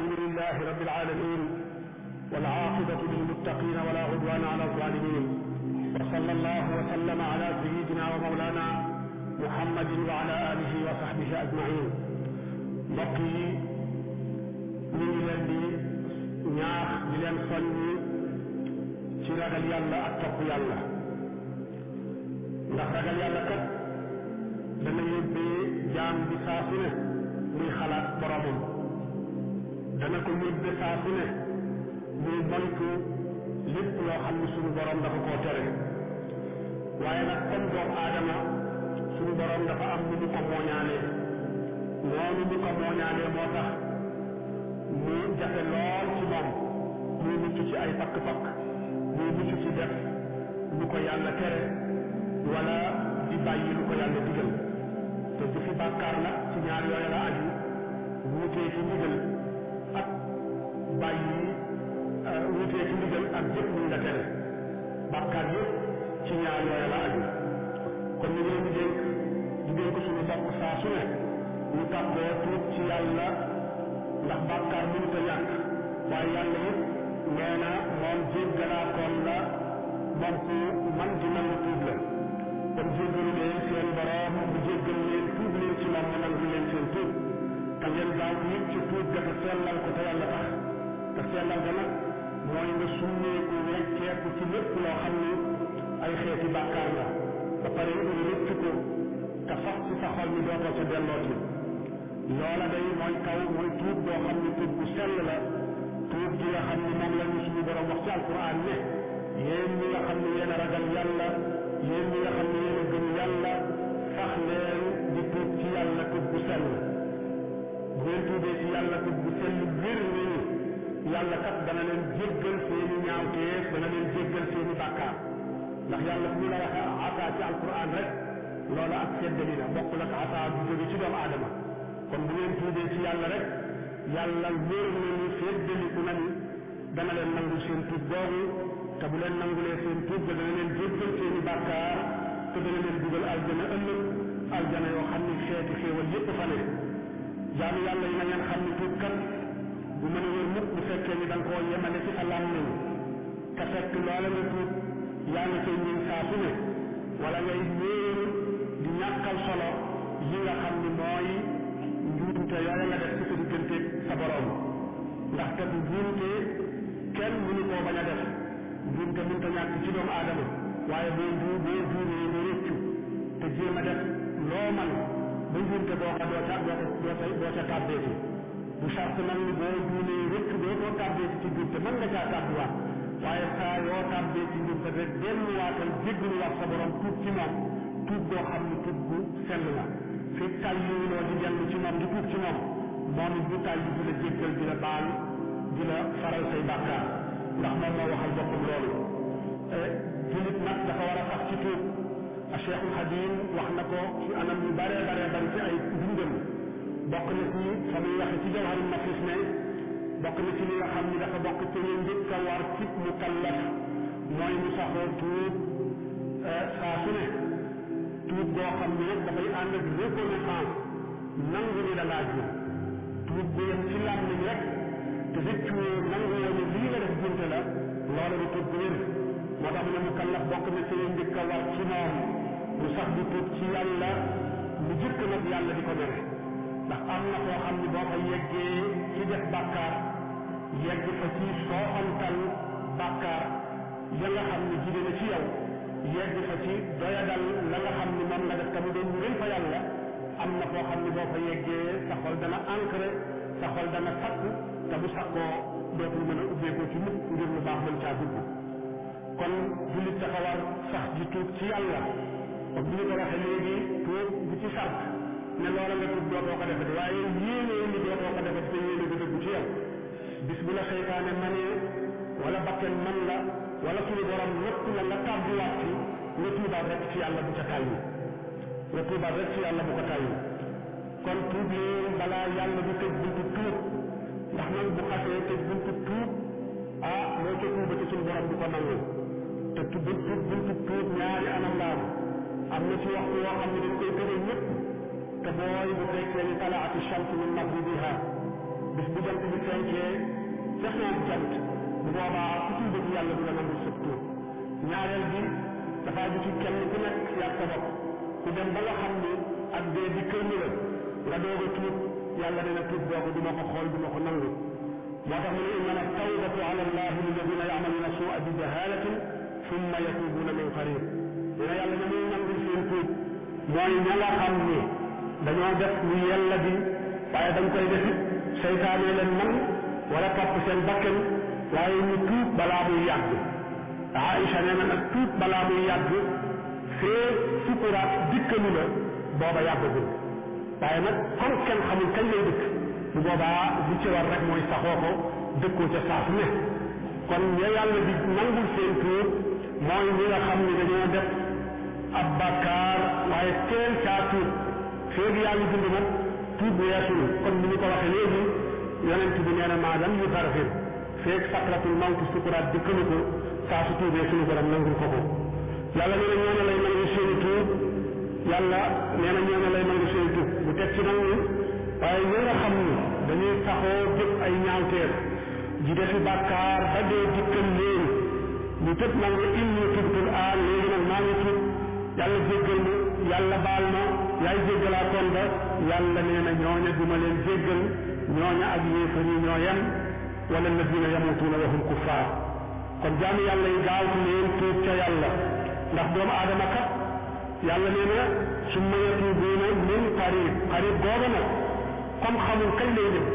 الحمد لله رب العالمين والعاقبة للمتقين ولا عدوان على الظالمين وصلى الله وسلم على سيدنا ومولانا محمد وعلى آله وصحبه أجمعين بقي من الذي di ñaax صلي leen soññi الله ragal yàlla ak topp yàlla ndax ragal yàlla kat dana من jaam bi dana ko mujj saa su ne muy moytu lépp loo xam ne suñu borom dafa koo tere waaye nag comme doomu aadama suñu borom dafa am nu mu ko mooñaanee noonu mu ko mooñaanee moo tax mu jafe lool ci moom muy mucc ci ay pakk-pakk muy mucc ci def lu ko yàlla tere wala di lu ko yàlla digal te du fi bàkkaar nag ci ñaar yooyu la aju wuutee ci ndigal bàyyi euh, wuteeku ndigal ak jëpp luñ la tere bàkkaar yëpp ci ñaar yooya la aju kon ñu ngi leen di dénk di dénk suñu bopp saa su ne ñu tàggoo tuub ci yàlla ndax bàkkaar mënut a ñàkk waaye yàlla yëpp nee na moom jéggalaakoon la moom ku man di nangu tuub la kon jéggalu leen seen borom bu jéggal leen tuub leen ci moom mu nangu leen seen tuub te ngeen gaaw nit ci tuub dafa sellal ko te yàlla tax yàllarga nag mooy nga summeeku wecceeku ci lépp loo xam ni ay xeeti bàkkaar la ba pare nga rëcc ko te fas ci sa xol ni dootoo ca dellooti loola day mooy kaw mooy tuub boo xam ni tuub bu sell la tuub gi nga xam ni moom la ñu suñu borom wax ci alquran ne yéen ñi nga xam ni yéen a ragal yàlla yéen ñi nga alquran rek loola ak seddali la bokkul ak ataa bu ci doomu aadama kon bu ngeen tuubee ci yàlla rek yàlla wóor na ni seddaliku nañu dana leen nangu seen tuub boobu te bu leen seen tuub ba dana leen jéggal seen i bàkkaar te dana leen dugal aljana ëllëg aljana yoo xam ni xeeti xéewal yépp fa ne yàlla yi na ngeen xam ni tuub kat bu mën a wér mukk bu fekkee ni da nga koo yemale ci sa làmmiñ te fekk loola nga tuub yaa nga cay ñëw wala ngay wéeru di ñàkkal solo li nga xam ni mooy njuumte yooya nga def ci sa diggante sa borom ndaxte bu njuumte kenn mënu koo bañ a def njuumte mënta ñàkk ci doomu aadama waaye boo boo boo juumee nga rëccu te jéem a def loo man ba njuumte boo ko doo ca doo doo ca doo ca tàbbeeti bu charte nag ni boo juumee rëccu doo koo tàbbeeti ci njuumte mën nga caa tàbbiwaat waaye saa yoo tàbbee ci njub rek delluwaatal jéggul wax sa ci moom tuub boo xam ne tuub bu sell la fekk tàlliwuloo di dellu ci moom di tuub ci moom moom it bu tàlli di la jéggal di la faral say bàkkaar ndax moo waxal boppam loolu eh, julit nag dafa war a sax ci tuub a Cheikhul Xadim wax na ko ci anam yu bari ci ay bindam bokk ci fa muy waxe ci Jawharul ci ne bokk ci a war ci mukallaf mooy mu saxoo tuub euh, saa su ne tuub goo xam ne nag dafay ànd ak nangu ni da tuub bu yem ci làmmiñ rek te si cuwee nangu ne lii nga def bunte la tuub bu wér moo ne mukallaf bokk na war ci moom mu sax tuub ci yàlla mu jëkk nag yàlla di ko mere ndax am na foo xam ne yeggee ci def bàkkaar yegg fa ci sooxantal bàkkaar ya nga xam ne jigéen a ci yow yegg fa doyadal la xam ne moom nga tamu doon fa yàlla am na foo xam ne boo fa xol dana ancré sa xol dana sakku te bu sakkoo dootul mën a ubbeekoo ci mukk ngir lu baax mën caa dugg kon jullit dafa war sax ji tuub ci yàlla ak bu ñu ko waxee léegi tuub bu ci sart ne loola nga tuub dootoo ko defati waaye yéene ni dootoo ko defati te yéene bi dëgg bis bu la seytaane wala bakken man la wala suñu borom natt la nga tàbbiwaat ci nga tuubaat rek ci yàlla bu ca tàyyi nga tuubaat rek ci yàlla bu ko tàyyi kon tuub leen balaa yàlla du tuub ndax nag bu xasee tuub ah moo ca tuub buntu tuub ñaari anam am na ci waxtu yoo xam ne dañ koy tëjee ñëpp te bu fekkee ni talaati shams min magribiha bis bu jant bi fenkee fexee jant bu boobaa ku tuub ak yàlla du la nangu sa tuub ñaareel bi dafa ju ci kenn ku nekk yàq sa bopp ku dem ba nga xam ni ak dee di kër la nga doog a tuub yàlla dana tuub boobu du ma ko xool du ma ko nangu moo tax mu ne innama tawbatu ala allah lilladina yaamaluna sua bi jahalatin summa yatuubuna min qarib dina yàlla na muy nangu seen tuub mooy ña nga xam ni dañoo def lu yàlla bi waaye dañ koy defit seytaane leen man wala topp seen waaye ñu tuub balaa muy yàgg Aïcha nee na nag tuub balaa muy yàgg fee sukuraat dikkalu la booba yàggagul waaye nag comme kenn xamul lay dëkk bu boobaa li war rek mooy saxoo ko dëkkoo ca saa kon ña yàlla di nangul seen tuub mooy ñi nga xam ne dañoo def ab bakkaar waaye teel saa tuub feeg yaa ngi dund kii bu yeesul kon ni ñu ko waxee léegi yonent bi nee na yu xarfir feeg sakratul mawti sukuraat dikkalu ko saa su tuubee suñu borom nangul ko ko yàlla nee na ñoo ne lay nangu seeni tuub yàlla nee na ñoo ne lay nangu seeni tuub bu teg ci nangu waaye ñi xam ni dañuy saxoo jëf ay ñaawteef ji defi bàkkaar ba dee dikkal leen ñu tëb nangu inni tubtul aan léegi nag maa ngi tuub yàlla jéggal ma yàlla baal ma yaay jéggalaa kon ba yàlla nee na ñooña duma leen jéggal ñooña ak yéefar yi ñoo yem wala alladina yamutuuna wa hum kuffaar kon jaamu yàlla yi gaawtu leen tuub ca yàlla ndax doomu aadama kat yàlla nee na summa yatuubuuna min qarib qarib googa nag comme xamul kañ lay dem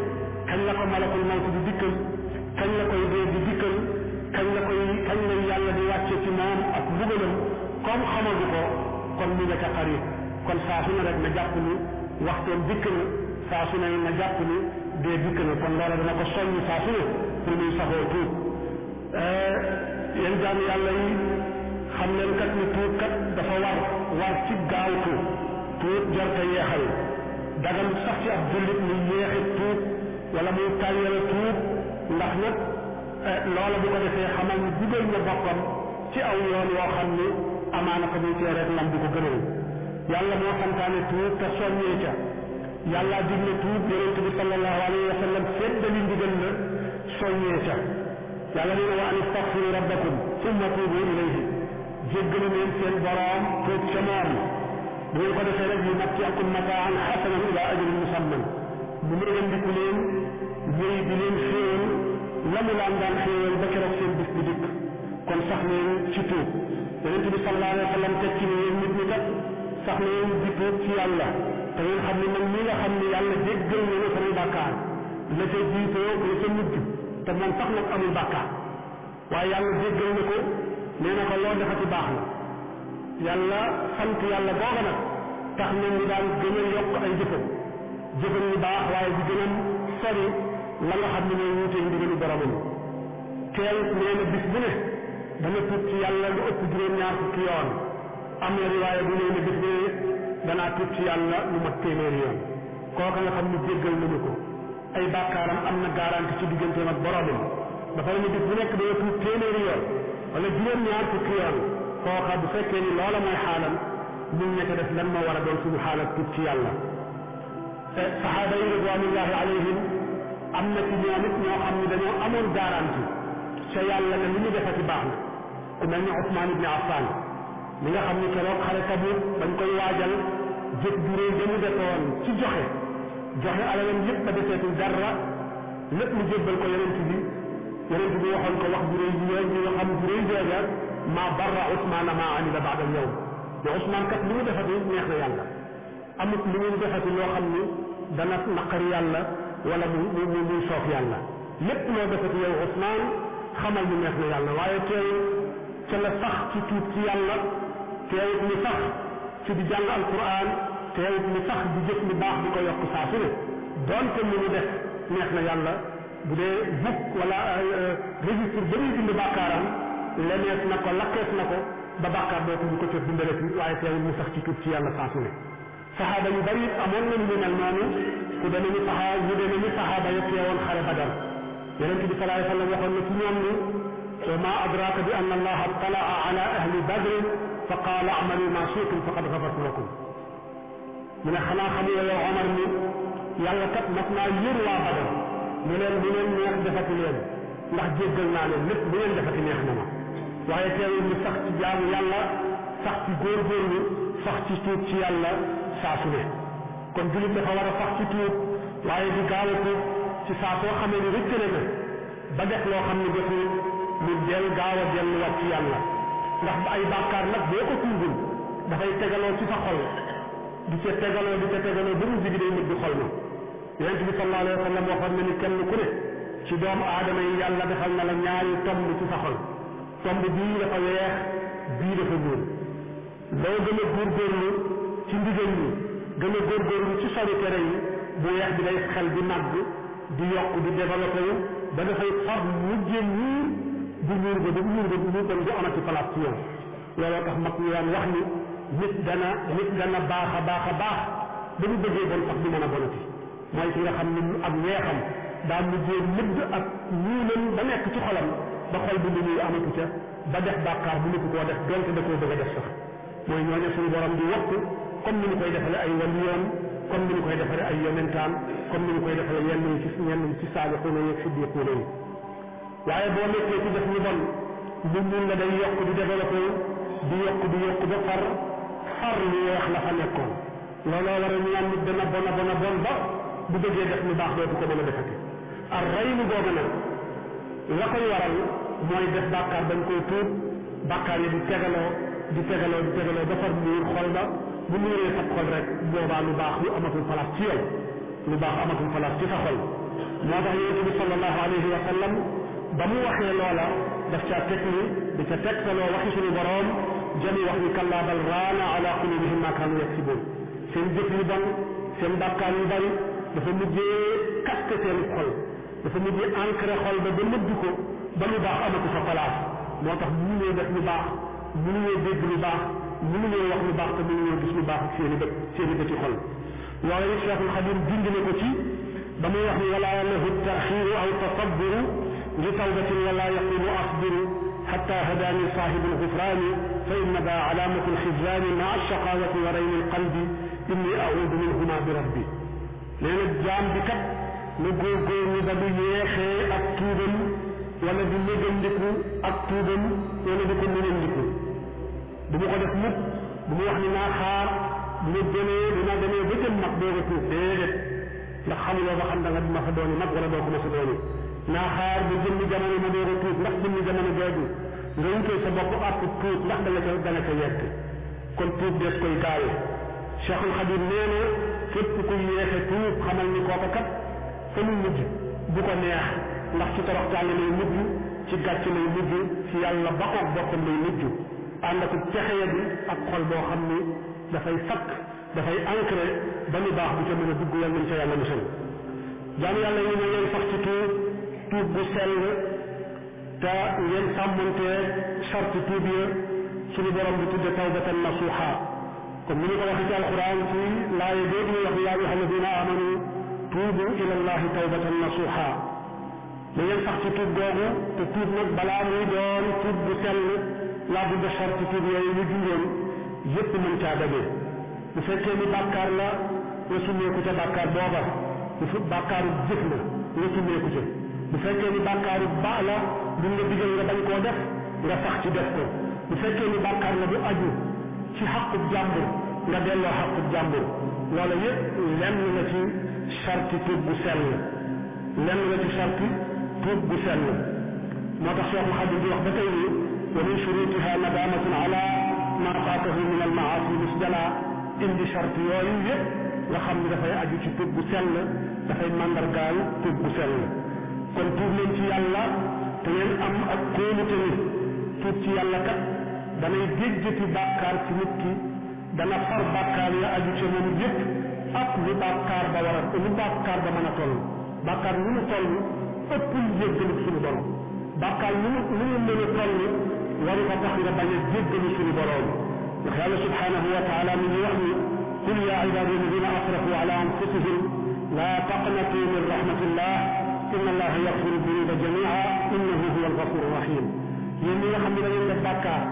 kañ la ko malakul mawt di dikkal kañ la koy dee di dikkal kañ la koy kañ lay yàlla di wàcce ci moom ak mbugalam comme xamagu ko kon mu nga ca qarib kon saa ne rek na jàpp ni waxtoon dikk na saa ne na jàpp ni dee dikk na kon loola dana ko soññ saa su ne pour muy saxoo tuub yéen jaam yàlla yi xam leen kat ni tuub kat dafa war war ci gaawtu tuub jar te yeexal dagal sax ci ab jullit muy yeexi tuub wala muy tàyyal tuub ndax nag loola bu ko defee xamal ni dugal na boppam ci aw yoon yoo xam ni amaana ko muy teereeg lam di ko gënal yàlla moo santaane tuub te soññee ca yàlla digle tuub yonent bi sallallahu alayhi wa sallam feddali ndigal la soññee ca yàlla nee na wa an istaghfiru rabbakum summa tuubu ilayhi jéggalu leen seen borom tuub ca moom bu ngeen ko defee rek yumatti'kum mataan hasanan ila ajrin musamman bu mu ëndiku leen yëy bi leen xéewal la mu laan daan xéewal ba keroog seen bis bi dikk kon sax leen ci tuub yonent bi sallallahu alayhi wa sallam teg ci ne yéen nit ñi kat sax na ngeen jublu ci yàlla te ngeen xam ne man mi nga xam ne yàlla jéggal na la samay bàkkaar la ca jiite la ca mujj te moom sax nag amul bàkkaar waaye yàlla jéggal na ko nee na ko loo defati baax na yàlla sant yàlla googa nag tax na ñu daan gën a yokk ay jëfam jëfam yu baax waaye di gën a sori la nga xam ne mooy wuute ndigalu boromam teel nee na bis bu ne dana tuub ci yàlla lu ëpp juróom ñaar fukki yoon am na riwaaya bu nee ne bés bee danaa tuub ci yàlla lu ma téeméeri yoon kooka nga xam ne jéggal nañu ko ay bàkkaaram am na garanti ci digganteem ak boromam dafa ne bés bu nekk dana tuub téeméeri yoon wala juróom ñaar fukki yoon kooka bu fekkee ni loola mooy xaalam ñun ña def lan moo war a doon suñu xaalal tuub ci yàlla saxaaba yi ridwanullahi alayhim am na ci ñoom it ñoo xam ne dañoo amoon garanti ca yàlla ne lu ñu defati baax na ku mel ne Ousmane ibn Affan li nga xam ni keroog xare tabut dañ koy waajal jëf bu réy dañu defoon ci joxe joxe alalam yépp ba deseetul dara lépp mu jébbal ko yonent bi yonent bi waxoon ko wax bu réy bi yooyu nga xam bu réy jooja ma barra Ousmane ma amila baad al yow te Ousmane kat li mu defati neex na yàlla amut li mu defati loo xam ni dana naqari yàlla wala mu mu muy soof yàlla lépp loo defati yow Ousmane xamal ni neex na yàlla waaye teew ca la sax ci tuub ci yàlla teewut ni sax ci di jàng alquran teewut ni sax di jëf lu baax di ko yokk saa su ne donte li mu def neex na yàlla bu dee book wala registre ba muy bind bàkkaaram lenees na ko lakkees na ko ba bàkkaar dootu ñu ko ca bindaleet waaye teewul mu sax ci tuub ci yàlla saa su ne saxaaba yu bari amoon nañ lu mel noonu ku deme ni saxaa ñu deme ni saxaaba ya teewoon xare badar yonent bi salaay sallam waxoon na ci ñoom ni wa ma adraka bi an allaha talaa ala ahli badrin فقال اعملوا ما شئتم فقد غفرت لكم mu ne xanaa xamoo yow Omar ni yàlla kat mas naa yër waa Badar mu leen bu leen neex defati leen ndax jéggal naa leen lépp bu leen defati neex na ma waaye teewul mu sax ci jaamu yàlla sax ci góorgóorlu sax ci tuub ci yàlla saa su ne kon julit dafa war a sax ci tuub waaye di gaaw a tuub ci saa soo xamee ni rëcc na ba def loo xam ne defu mu del gaaw a delluwaat ci yàlla ndax ay bàkkaar nag boo ko tuubul dafay tegaloo ci sa xol di ca tegaloo di ca tegaloo ba mujj gi day mujj xol ma yonent bi sallallahu alayhi wa sallam waxoon na ni kenn ku ne ci doomu aadama yi yàlla defal na la ñaari tomb ci sa xol tomb bii dafa weex bii dafa góor loo gën a góorgóorlu ci ndigal yi gën a góorgóorlu ci sori tere yi bu weex bi day xel di màgg di yokk di développé wu ba dafay far mujjee nii di liir ba di liir ba di liir ba du amati place ci yow looloo tax mag ñu daan wax ni nit dana nit dana baax a baax a baax ba mu bëggee bon sax du mën a bonati mooy ki nga xam ne ak weexam daa mujjee mëdd ak ñuulam ba nekk ci xolam ba xol bi lu ñuy amatu ca ba def bàkkaar bu nit koo def donte da koo bëgg a def sax mooy ñooñu suñu borom di wattu comme ni ñu koy defale ay waliyoon comme ni ñu koy defale ay yonentaan comme ni ñu koy defale yenn yi ci yenn yi ci saalihuuna yeeg siddiquuna yi waaye boo nekkee ci def ñu bon lu mun la day yokk di développé di yokk di yokk ba far far lu weex la fa nekkoon looloo war a ñaan nit dana bona bona bon ba bu bëggee def lu baax dootu ko mën a defati ar raylu boobu nag la koy waral mooy def bàkkaar dañ koy tuub bàkkaar yi di tegaloo di tegaloo di tegaloo ba far muur xol ba bu muuree sab xol rek boobaa lu baax lu amatul place ci yow lu baax amatul place ci sa xol moo tax yonente bi sallallahu alayhi wa sallam ba mu waxee loola daf caa teg ni da ca teg taloo waxi suñu borom jëli wax ni kallaa bal raana ala qulubihim ma kaanu yaksibuun seen jëf yu bon seen bàkkaar yu bari dafa mujjee kaste seen xol dafa mujjee encré xol ba ba nëbb ko ba lu baax amatu fa place moo tax mënuñoo def lu baax mënuñoo dégg lu baax mënuñoo wax lu baax te mënuñoo gis lu baax ak seen i bët seen i bëti xol waaye Cheikhul Xadim dindi na ko ci ba muy wax ni wala lahu taxiru aw tasabburu بتوبة ولا يقول أصبر حتى هداني صاحب الغفران فإنها علامة الخزان مع الشقاوة ورين القلب إني أعوذ منهما بربي لأن الجام بكب نقوقو نبدو يخي أكتوبا ولدي اللي جندكو أكتوبا ولدي كل من عندكو بمو قد اسمك بمو احنا ناخار بمو الدنيا بمو الدنيا بجم مقبوغة سيغت لخلوا بخلوا بخلوا بخلوا بخلوا بخلوا بخلوا بخلوا naa xaar ba jëmmi jamono ma door a tuub ndax jëmmi jamono jooju nga wutee sa bopp àpp tuub ndax da nga ca da nga ca yett kon tuub des koy gaawe cheikhul xadim nee na képp ku yéexe tuub xamal ni kooka kat fa mu mujj bu ko neex ndax ci torox tàng lay mujj ci gàcc lay mujj ci yàlla baxoog boppam lay mujj ànd ak texee bi ak xol boo xam ni dafay sakk dafay ancré ba mu baax bu ca mën a dugg yàlla nañ ca yàlla musal jaam yàlla yi ne tuub bu sell te ngeen sàmmante sart tuub ya suñu borom bi tudde tawbatan nasuha comme ni ñu ko waxee ci alquran ci laaye boobu ñuy wax yaa ayyuha alladina amanu tuubu ila allahi tawbatan nasuha da ngeen sax ci tuub googu te tuub nag balaa muy doon tuub bu sell laa budde sart tuub yooyu ñu jungoon yépp mën caa daje bu fekkee ni bàkkaar la nga summeeku ca bàkkaar booba bu fi bàkkaaru jëf la nga summeeku ca bu fekkee ni bàkkaaru baa la lu la digal nga bañ koo def nga sax ci def ko bu fekkee ni bàkkaar la bu aju ci xaqub jàmbur nga delloo xaqub jàmbur loola yépp lenn la ci sarti tuub bu sell lenn la ci sarti tuub bu sell moo tax cheikh mahadim di wax ba tey nii wa min shurutiha nadamatun ala ma faatahu min al maasi musjala indi charte yooyu yépp nga xam ni dafay aju ci tuub bu sell dafay màndargaal tuub bu sell kon tuub leen ci yàlla te ngeen am ak kóolute ni tuub ci yàlla kat danay déjjati bàkkaar ci nit ki dana far bàkkaar ya aju ca moom yépp ak lu bàkkaar ba war a lu bàkkaar ba mën a toll bàkkaar lu mu toll ëppul jéggalu suñu borom bàkkaar lu mu lu mu mën a toll waru ko tax nga bañ a jéggalu suñu borom ndax yàlla subhanahu wa taala mi ngi wax ni qul ya ibadi alladina asrafu ala anfusihim la taqnatu min rahmatillah inna allaha yaxfiru dunuba jamia innahu huwa alxafuru rahim yéen ñi nga xam ne da ngeen def bàkkaar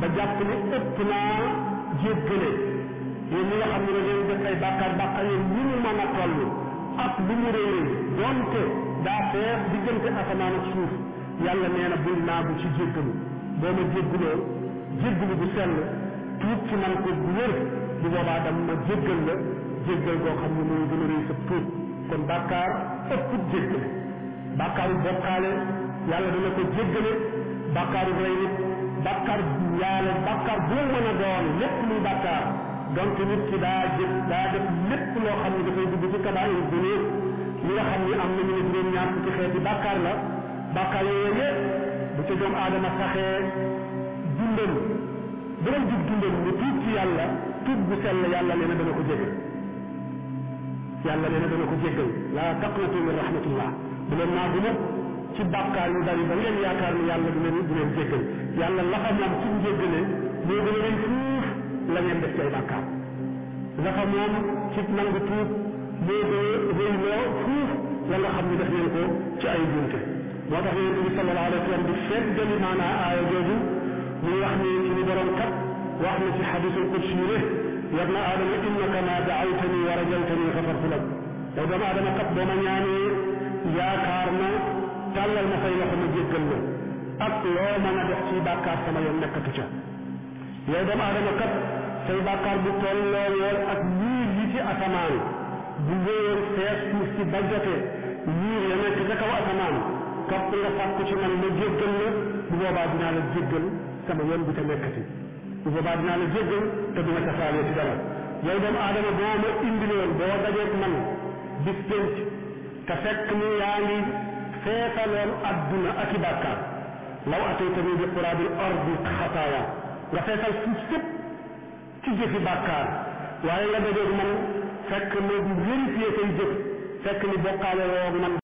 ba jàpp ëpp naa jéggale yéen ñi nga ne a toll ak lu mu réeréer donte daa fees diggante asamaan ak suuf yàlla nee na bul naagu ci jéggalu boo ma jégguloo bu ci man ko bu wér bu boobaa dam ma jéggal la jéggal goo xam ne mooy gën a ëpp jéggal bàkkaaru bokkaale yàlla dina ko jéggale bàkkaaru rey nit bàkkaar yaale bàkkaar bu mu mën a doon lépp muy bàkkaar donc nit ki daa jëf daa def lépp loo xam ne dafay dugg ci kabaayir bi nii li nga xam ni am na ñu ne juróom ñaar fukki xeeti bàkkaar la bàkkaar yooyu yëpp bu ci doom aadama saxee dundal bu doon jub dundal mu tuub ci yàlla tuub bu sell yàlla nee na dana ko jégal yàlla nee na dana ko jégal la taqnatu min rahmatillah ብለናጉነት ሲባካሪ እንዳይ በእንገን ያካር yalla du len du len jéggal yalla la xam mom suñu jéggalé mo gën len tuuf la ngeen def ci ay bakkar la xam mom ci nangu tuuf mo gën reey lo tuuf la nga xam ni def ngeen ko ci ay bunte motax yeen bi sallallahu alayhi wasallam di fét jëli mana aaya joju mu wax ni ci ni borom kat wax na ci hadithul qudsi ne ya ibn adam innaka ma da'awtani wa rajawtani ghafartu lak yow dama adama kat boma ñaanee yaakaar na tàllal ma fay loxo ma jéggal la ak loo mën a def ci bàkkaar sama yoon nekkatu ca yow doomu aadama kat say bàkkaar bu tolloo yoon ak niir yi ci asamaan bu wéyoon fees suuf si ba jote niir ya nekk ca kaw asamaan topp nga fàkku ci man ma jéggal la bu boobaa dinaa la jéggal sama yoon bu ca nekkati bu boobaa dinaa la jéggal te duma ca faale ci dara yow doomu aadama boo ma indi loon boo dajeeg man bis penc تفكني يعني سيف الأدنى أكبرك لو أتيتني بقراب الأرض خطايا وسيف السبسب تجي في بكار وإلا بدر من فكني بزير في يتجب فكني بقال من